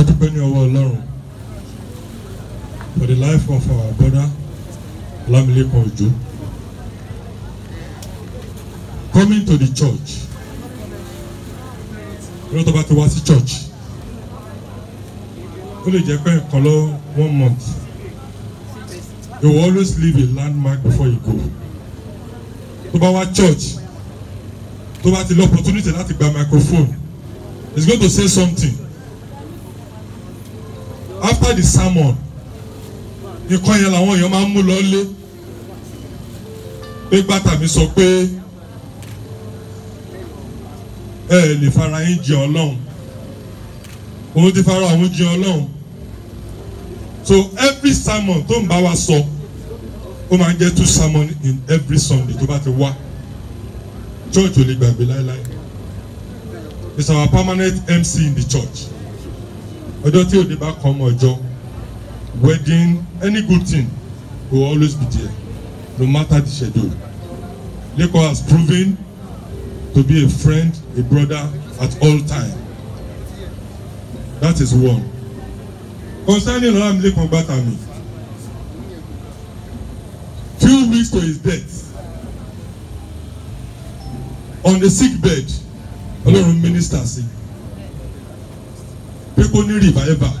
adúpẹ́ ní ọwọ́ ọlọ́run for the life of our brother Olamilekan Ojo coming to the church lọ́tọ́ bá ti wá sí church ó lè jẹ́ pé ẹ̀kan lọ one month you will always leave a landmark before you go tó bá wá church tó bá ti lọ opportunity láti gba microphone he is going to say something after the sermon nǹkan yẹn làwọn èèyàn máa ń mú lọ lé nígbà tàbí sọ pé ẹ lè fara yín jẹ ọlọ́run òun ti fara òun jẹ ọlọ́run so every sermon tó ń bá wa sọ ó máa ń jẹ́ two sermon in every Sunday tó bá ti wá church ò lè gbàgbé láéláé it's our permanent MC in the church ọjọ́ tí òde bá kọ́ ọmọ ọjọ́ wedding any good thing will always be there no matter the schedule Lekan has proven to be a friend a brother at all time that is one concerning Ram, Ọlámilékan Gbàtàmì few weeks to his death on the sick bed Ọlọ́run minister sí pé kó ní revival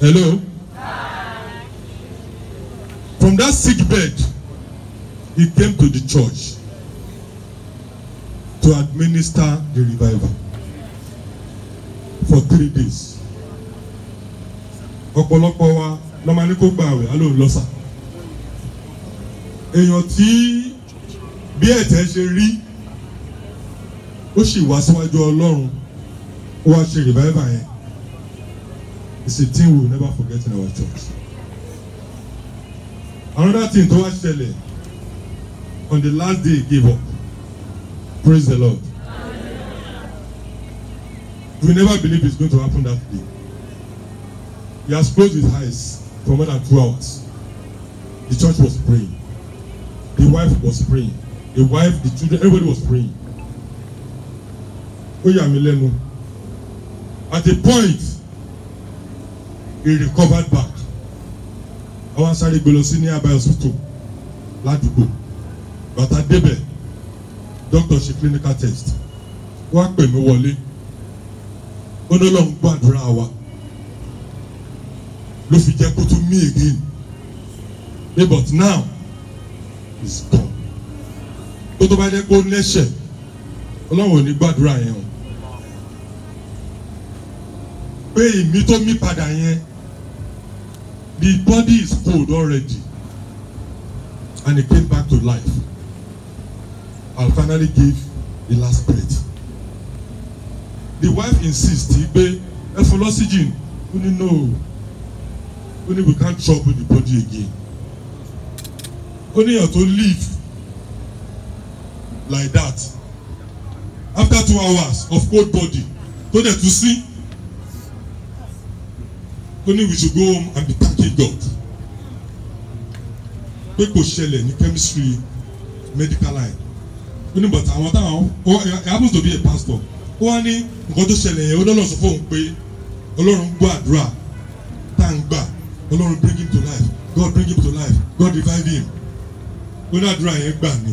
hello from that sick bed he came to the church to administer the revival for three days ọ̀pọ̀lọpọ̀ wa lọ́mọ ní kó gba àwẹ̀ alóhùn lọ́sà èèyàn tí bí ẹ̀tẹ̀ ṣe rí ó sì wá síwájú ọlọ́run wọ́n á revival yẹn it's a thing we will never forget in our church. another thing tó wá ṣẹlẹ̀ on the last day he gave up praise the Lord we never believe it's going to happen that day he has closed his eyes for more than two hours the church was praying the wife was praying the wife the children everybody was praying ó yà mí at a point he recovered back àwọn sáré gbé lọ sí ní abẹ́ hospital ládùúgbò bàtà débẹ̀ doctor ṣe clinical test wá pè mí wọlé ó ní Ọlọ́run gbàdúrà wa ló fi jẹ́ kó tún mí again hey, but now is gone tó tó bá jẹ́ kó lẹ́sẹ̀ Ọlọ́run ò ní gbàdúrà yẹn o pé ìmí tó mí padà yẹn the body is cold already and he came back to life and finally gave the last breath the wife insists pé ẹ fún lọ́síjìn ó ní no ó ní we can't trouble the body again ó ní èèyàn tó live like that after two hours of cold body tó dẹ̀ tún sí. Only we should go home and be thanking God pé kò ṣẹlẹ̀ ní chemistry medical line ó ní but àwọn táwọn he happens to be a pastor ó wá ní nǹkan tó ṣẹlẹ̀ yẹn ó lọ́lọ́ sọ fóun pé ọlọ́run gbọ́ àdúrà tá à ń gbà ọlọ́run bring him to life God bring him to life God revive him ó ní àdúrà yẹn gbà ni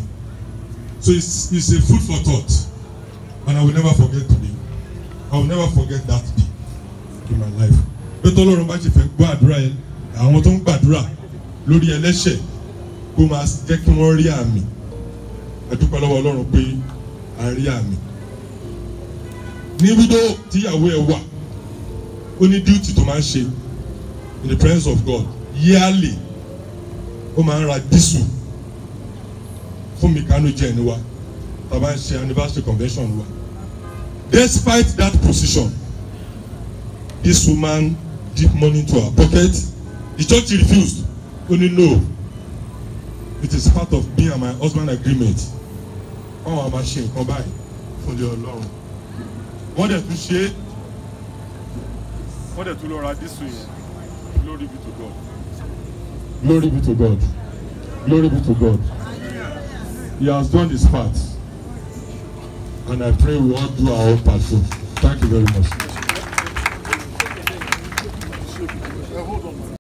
so it's, it's a food for thought and I will never forget today I will never forget that day in my life pé tọ́lọ́run bá ṣe fẹ́ gbọ́ àdúrà yẹn àwọn tó ń gbàdúrà lórí ẹlẹ́ṣẹ̀ kó máa jẹ́ kí wọ́n rí àmì a dúpẹ́ lọ́wọ́ Ọlọ́run pé a rí àmì. ní wíńdò tíyàwó ẹ̀ wà ó ní duty tó máa ń ṣe in the presence of God yearly ó máa ń ra dísù fún mikano jẹ́ ẹni wa tá a bá ń ṣe anniversary convention wa despite that position this woman deep money to our pocket the church refused only no it is part of me and my husband agreement Oh, I'm ashamed. Come by for fún ilé ọlọ́run wọ́n dẹ̀ tún ṣe é wọ́n dẹ̀ tún lọ ra dísù yẹn glory be to God. glory be to God glory be to God he has done his part and I pray we all do our own part too thank you very much.